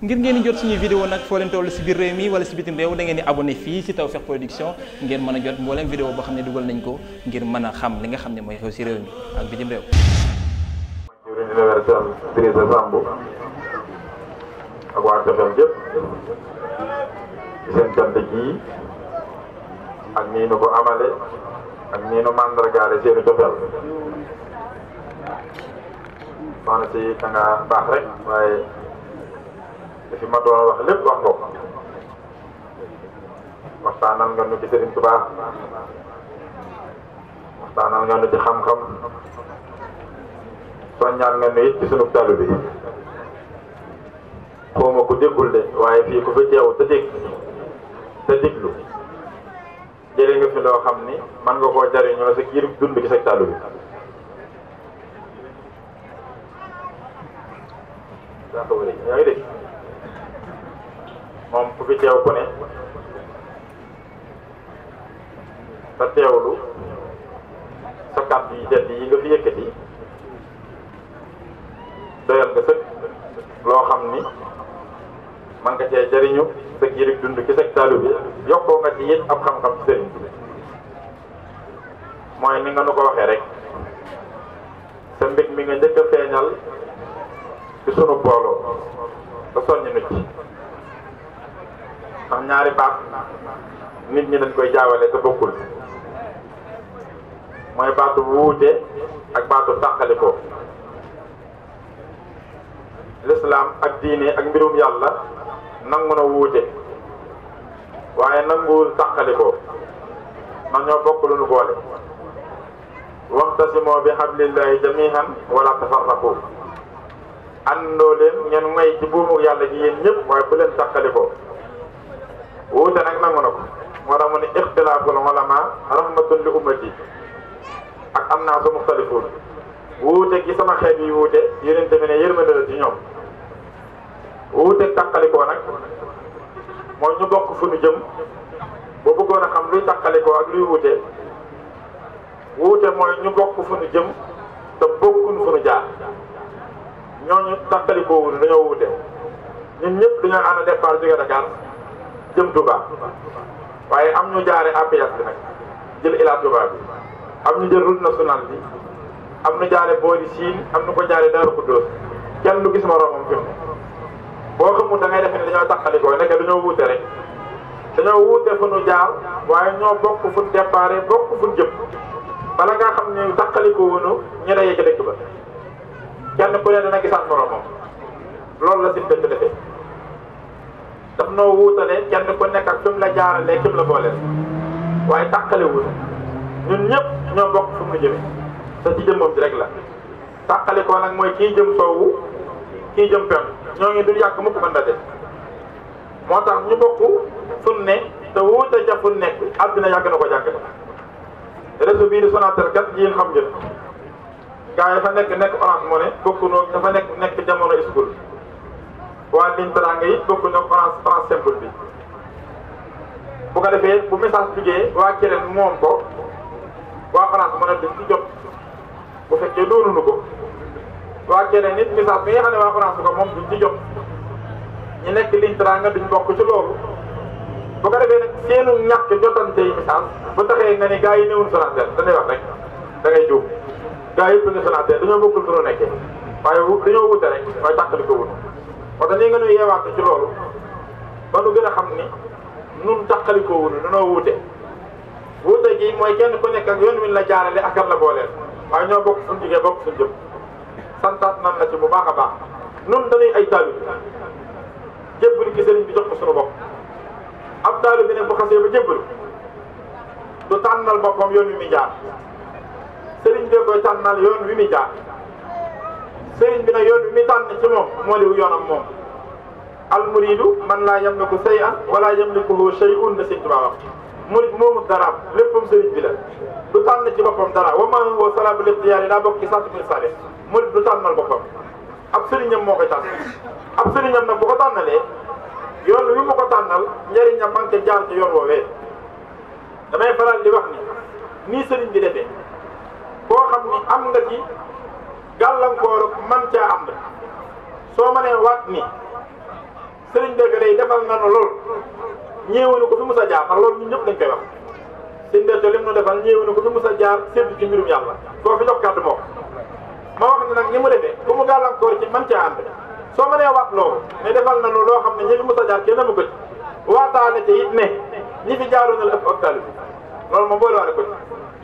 ngir ngeen jot suñuy vidéo nag foo leen toll si biir réew mi wala si bitim réew da ngeen di abonné fii si Tawfekh Production ngeen mën a jot mbooleem vidéo boo xam ne dugal nañ ko ngir mën a xam li nga xam ne mooy xew si réew mi ak bitim réew Idrissa Samb ak nii nu ko amale ak nii nu mandargaale seenu Joxel maanaam si da baax rek waaye li fi ma doon wax lépp wax nga ko waxtaanal nga nu ci Sëriñ Tuubaa waxtaanal nga nu ci xam-xam soññal nga nu it ci sunu talu bi xaw ma ko déggul de waaye fii ku fi teew te dégg te déglu jëlee nga fi loo xam ni man nga koo jariñoo sa kiir dund gi sa talu bi yaa ngi moom ku fi teew ku ne sa teewlu sa kàddu yi tedd yi nga fi yëkkati doyal nga sëkk loo xam ni man nga cee jëriñu sa giirib dund ci sag taalibe bi yokkoo nga ci yit ab xam-xam ci mooy ni nga nu ko waxee rek sa mbit mi nga njëkk a feeñal ci sunu booloo ba soññ nu ndax ñaari baat nit ñi dañ koy jaawale te bokkul mooy baatu wuute ak baatu tàqalikoo lislaam ak diine ak mbirum yàlla nangu na wuute waaye nanguwul tàqalikoo ndax ñoo bokk lu nu boole waxtasimoo bi hablillahi jamihan wala tafarraqu àndoo leen ngeen may ci buumu yàlla gi yéen ñëpp waaye bu leen tàqalikoo wuute nag nangu na ko moo tax mu ne ixtilaaful ulama rahmatun li ummati ak am naa su muxtalifuun wuute gi sama xeet yi wuute yonent bi ne yërmande la ci ñoom wuute tàqalikoo nag mooy ñu bokk fu ñu jëm boo bëggoon a xam luy tàqalikoo ak luy wuute wuute mooy ñu bokk fu ñu jëm te bokkuñ ñu jaar ñooñu tàqalikoo wuñu wuute ñun ñëpp dañoo ànd départ jóge Dakar jëm Touba waaye am ñu jaare APS bi nag jël Ila Touba bi am ñu jël route national bi am ñu jaare boori Siin am ñu ko jaare Daaru Xuddoos kenn du gis moroomam fi boo xamul da ngay defe ne dañoo tàqalikoo nekk dañoo wuute rek dañoo wuute fu nu jaar waaye ñoo bokk fu nu déparé bokk fu nu jëm bala ngaa xam ne tàqalikoo wunu ñi da yegg dëkk ba kenn ku ne dana gisaat moroomam loolu la sin dëkk defee daf noo wuutale kenn ku nekkat ak la jaaralee ki mu la booleel waaye tàqale wuut ñun ñëpp ñoo bokk fu mu jëme te ci jëm moom rek la tàqale ko nag mooy kii jëm soowu kii jëm penk ñoo ngi dul yàgg mukk de moo tax ñu bokk fun ne te wuute ca fun nekk àddina yàgg na ko jàngale réseau bii di Sonatel kat yéen xam ngeen fa nekk nekk orange moo ne bokk noonu dafa nekk nekk jamono school waa liñ teraanga yi bokk na France France simple bi bu ko defee bu message jugee waa keneen moom ko waa France mën a dem ci jot bu fekkee doonuñu ko waa keneen nit message bi nga ne waa France ko moom duñ ci jot ñu nekk liñ teraanga duñ bokk ci loolu bu ko defee nag seenu ñàkk jotante yi message bu taxee nga ne gaa yi néewul Sonatel dañuy wax rek da ngay jóg gaa yi yëpp dañoo bokkul suñu nekkee waaye dañoo wute rek mooy tàqali ko wut parce que nii nga ñu yeewaate ci loolu ba nu gën a xam ni nun taqalikoo wuñu danoo wuute wuute gi mooy kenn ku nekk ak yoon wi la jaarale ak kan la booleel waaye ñoo bokk suñu jigéen bokk suñu jëm santaat nan la ci bu baax a baax nun dañuy ay taalib jébbal gi sëriñ bi jox ko suñu bopp ab bu xasee ba jébbal du ma boppam yoon wi muy jaar sëriñ bi koy tànnal yoon wi muy jaar sëriñ bi nag yoon wi muy tànn ci moom moo liwu yoonam moom almuridu man laa yamliku shay'an wala yamlikuhu shay'un la sëñ Tuubaa wax murid moomu daraam léppam sëriñ bi la du tànn ci boppam dara wa man huwa salaabu lixtiyaari daa bokk ci sàtt min saale murid du tànnal boppam ab sëriñam moo koy tànn ab sëriñam nag bu ko tànnalee yoon wi mu ko tànnal njëriñam man te jaar ci yoon woowee damay faral di wax ni nii sëriñ bi defee boo xam ni am nga ci gàllankoor man caa am soo mënee waat ni sëriñ Béthio day defal na nu loolu ñeewuñu ko fi mu sa jaar ndax loolu ñun ñëpp dañ koy wax sëriñ Béthio lim nu defal ñeewuñu ko fi mus a jaar séddu ci mbirum yàlla koo fi jox kàddu moo ma wax ne nag ni mu defee ku mu gàllankoor ci man caa ànd soo mënee waat loolu ne defal na nu loo xam ne ñi fi mus a jaar kenn mu ne ñi fi jaaroon na la ëpp ak taalib loolu ma boole waale ko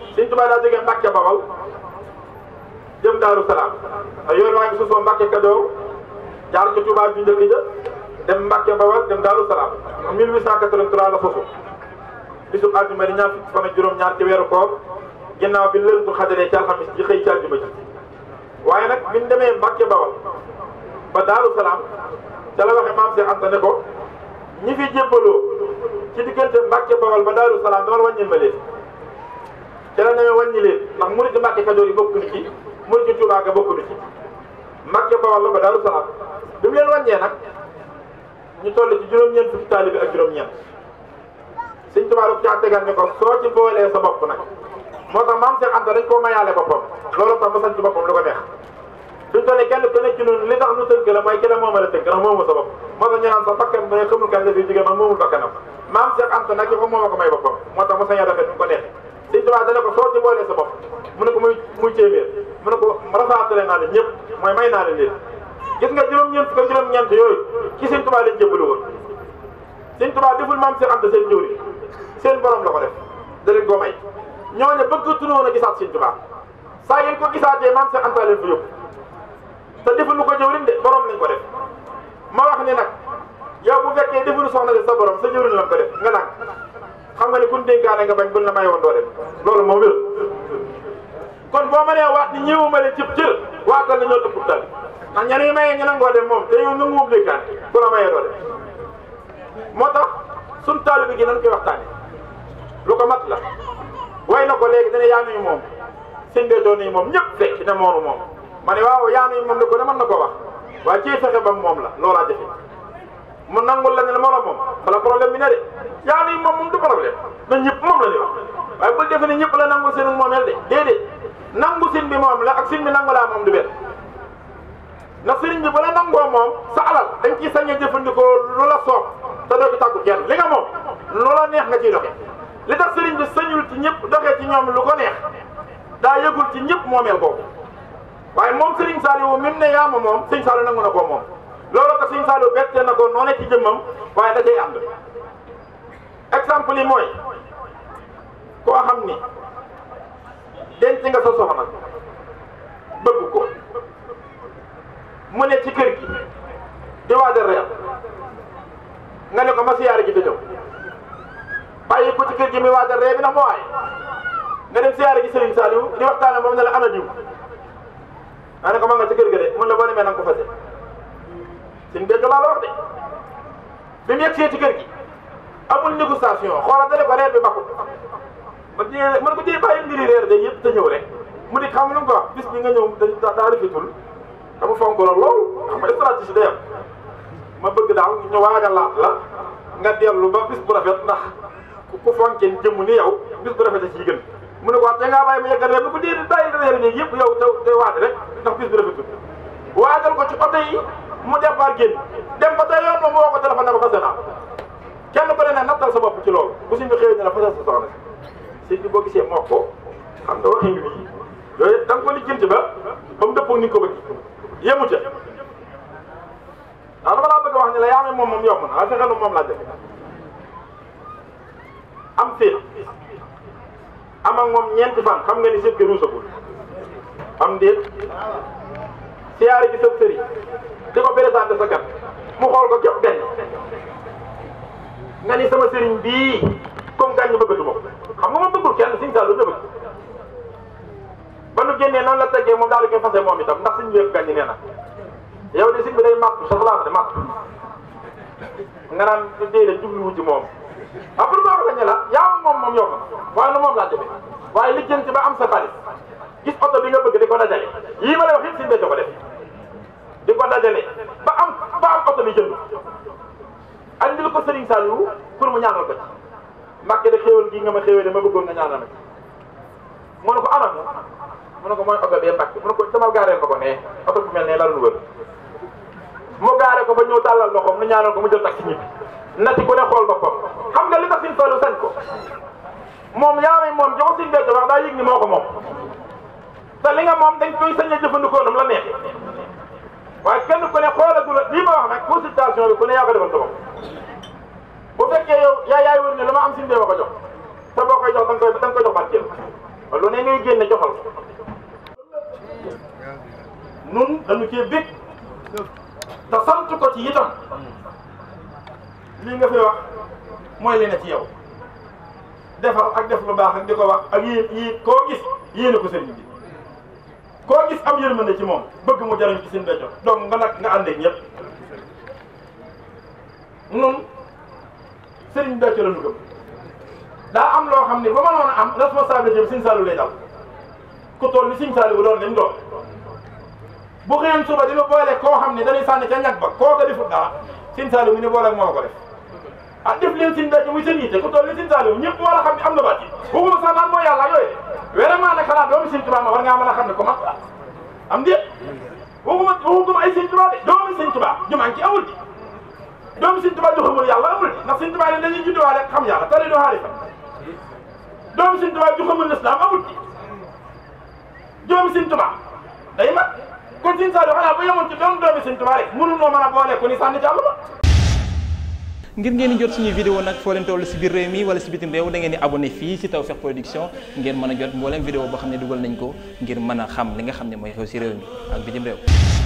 ci sëriñ Tuubaa daa jógee Mbàkke Bawal jëm Daaru Salaam ay yoon waa ngi susoo Mbàkke Kajoor jaar ca Tuubaa bi njëkk ja dem Mbacke Mbawal dem Daaru Salaam 1883 la foofu bisu àjjuma di ñaar fukki fan ak juróom-ñaar ci weeru koor ginnaaw bi lëltu xajaree ci alxamis ji xëy ci àjjuma ji waaye nag bi ñu demee ba Mbawal ba Daaru Salaam ca la waxe maam Cheikh Anta ne ko ñi fi jébbaloo ci diggante Mbacke Mbawal ba Daaru Salaam dama la wàññil ma leen ca la demee wàññi leen ndax murid di Mbacke Kajoor yi bokkuñu ci murid di Tuubaa ga bokkuñu ci Mbacke Mbawal la ba Daaru Salaam leen wàññee nag ñu toll ci juróom-ñeent fukki taalibe ak juróom-ñeent Sëñ Tuubaa daf caa tegal ne ko soo ci boolee sa bopp nag moo tax maam Cheikh Anta dañ koo mayaale boppam loolu tax mu sant boppam lu ko neex suñ toll kenn ku nekk ci ñun li tax nu tënk la mooy ki la moomale tënk ndax moomu sa bopp moo tax ñu naan sa bakkan bu ne xamul kan la fi jógee man moomul bakkanam maam Cheikh Anta nag yow moom a ko may boppam moo tax mu sañ a rafet mu ko neex Sëñ Tuubaa dana ko soo ci boolee sa bopp mu ne ko muy muy téeméer mu ne ko rafaatale naa leen ñëpp mooy may naa leen leen gis nga juróom-ñeent fukk ak juróom-ñeent yooyu ci sëñ Tuubaa lañ jébbalu woon sëñ Tuubaa deful maam seen anta seen jëwri seen borom la ko def da leen ko may ñooñu bëggatunu woon a gisaat sëñ saa yéen ko gisaatee maam seen anta ta fa yóbbu te deful ko jëwriñ de borom lañ ko def ma wax ni nag yow bu fekkee deful soxna si sa borom sa jëwriñ lañ ko def nga naan xam ga ne kun dénkaane ga bañ buñ ma mayoon doo dem loolu moo wér kon boo mënee waat ni ñëwuma leen cib cër waatal na ñoo ëpp dal ndax ña ne maye nga nangoo dem moom te yow nanguwul déggaan ku la maye doole moo tax sunu taalibe gi nañ koy waxtaanee lu ko mat la way na ko léegi dana yaanuy moom sëñ bee doon moom ñëpp fekk ne moonu moom ma ne waaw moom ne ko ne mën na ko wax waaye ci fexe moom la loolaa jafe mu nangul la ne la moo la moom bala problème bi ne de yaanuy moom moom du problème na ñëpp moom la ñu wax waaye bul defe ne ñëpp la seen moomeel de déedéet nangu sin bi moom la ak sin bi nangu laa moom du ndax sëriñ bi bala nangoo moom sa alal dañ ciy sañ a jëfandikoo lu la soob te doo ci tàggu kenn li nga moom loola neex nga ciy doxe li tax sëriñ bi sañul ci ñëpp doxee ci ñoom lu ko neex daa yëgul ci ñëpp moomeel boobu waaye moom sëriñ Saliou mim ne yaama moom sëriñ Saliou nangu na ko moom loolu ko sëriñ Saliou bette na ko noone ci jëmmam waaye da cay ànd exemple yi mooy koo xam ni denc nga sa soxna bëgg ko mu ne ci kër gi di waaj a nga ne ko ma siyaare ji te ñëw bàyyi ko ci kër gi mu waaj a reer bi na moo waay nga dem siyaare ji Serigne Saliou di waxtaanee moom ne la ana diw ma ne ko ma nga ci kër ga de mun la boo demee na nga ko fase suñ dégg laa la wax de bi mu yegsee ci kër gi amul négociation xoolal dale ko reer bi bakku ba jiyee mën ko jiyee bàyyi mbiri reer de yëpp te ñëw rek mu ne xam mu ko bis bi nga ñëw daa rafetul dama fonk la lool xam nga stratégie day am ma bëgg daal ñu waagalaat la nga dellu ba bis bu rafet ndax ku fonkee jëmm ni yow bis bu rafet a ciy gën mu ne ko wax te ngaa bàyyi ko déedéet bàyyi la réer yëpp yow taw rek ndax bis bu ko ci oto mu départ génn dem ba tey yoon ba mu woo ko téléphone ne ko fase naa kenn ba ne ne nattal sa bopp ci loolu bu si ko xëyee ne la fase sa soxna si bi boo gisee moo ko xam nga waxin bi yooyu eh, yëpp da nga ko lijjanti ba ba mu dëppoo ni ko bëgg yemu ca waaw ah, dama laa bëgg a wax ne la yaa amee moom moom yomb na waaye fexeel moom laa def am séen am ak moom ñeenti fan xam nga ni séet bi ruusagul am déet siyaari bi sa sëriñ di ko présenté sa gat mu xool ko jox benn nga ni sama sëriñ bii comme gaañ ñu bëggatu ma xam nga ma bëggul kenn siñ saa lu bëgg. ba nu génnee noonu la teggee moom daal di koy fase moom itam ndax suñu yëf gàññi nee na yow de sëñ bi day màpp sax laa de màpp nga naan déedéet jubluwu ci moom après maa ko la yaa moom moom yow ko waaye nu moom laa defee waaye li jëm ci ba am sa xaalis gis oto bi nga bëgg di ko dajale yii ma lay wax yëpp suñu béykat ko def di ko dajale ba am ba am oto bi jënd andil ko Serigne Saliou pour mu ñaanal ko ci Mbàkke de xéewal gi nga ma xéewalee ma bëggoon nga ñaanal mu ne ko anam mu ne ko mooy oto bee mbàkk mu ne ko sama gaareel ko ko nee oto bu mel ne la doon wër mu gaare ko ba ñëw tàllal loxoom nu ñaanal ko mu jël taxi ñibbi nati ku ne xool boppam xam nga li tax suñ toolu sañ ko moom yaa may moom jox suñ béykat wax daa yëg ni moo ko moom te li nga moom dañ koy sañ a jëfandikoo nam la neex waaye kenn ku ne xoolagul lii ma wax nag consultation bi ku ne yaa ko defal sa bopp bu fekkee yow yaa yaay wër ne lu ma am suñ bee ma ko jox te boo koy jox da nga koy da nga koy jox barkeel lu ne ngay génne joxal ko nun dañu cee bég te ko ci itam lii nga fi wax mooy li ci yow defar ak def lu baax ak di ko wax ak yéen yéen koo gis yéene ko sëriñ bi koo gis am yërmande ci moom bëgg mu jariñ ci seen bécco donc nga nag nga ànd ak ñëpp nun sëriñ bécco la ñu gëm daa am loo xam ni ba mënoon a am responsabilité bi Sëñ Saliou lay dal ku toll ni Sëñ Saliou doon lim doon bu xëyoon suba dina boole koo xam ne dañuy sànni ca ñag ba koo ko defut dara Sëñ Saliou mu ne boole moo ko def ah def leen Sëñ Béthio muy seen ku toll ni Sëñ Saliou ñëpp war xam ne am na bàcc waxuma sax naan mooy yàlla yooyu vraiment nag xalaat doomu Sëñ ma war ngaa xam ne ko mat am déet waxuma waxuma ay Sëñ Tuubaa de doomu Sëñ Tuubaa jumaa ci awul ji doomu yàlla amul ji ndax Sëñ Tuubaa leen dañuy judduwaale xam yàlla tali do xaalifa doomu Sëñ Tuubaa ju xamul lislaam amul doomu Sëñ Tuubaa day mat kon Sëñ Saaliw xanaa bu yemoon ci doomu doomu Sëñ Tuubaa rek mënuloo mën a boole ko ni sànni jàll ba. ngir ngeen di jot suñuy vidéo nag foo leen si biir réew mi wala si bitim réew da ngeen di abonné fii si Tawfekh Production ngeen mën a jot mbooleem vidéo boo xam ne dugal nañ ko ngir mën a xam li nga xam ne mooy si réew mi ak bitim réew.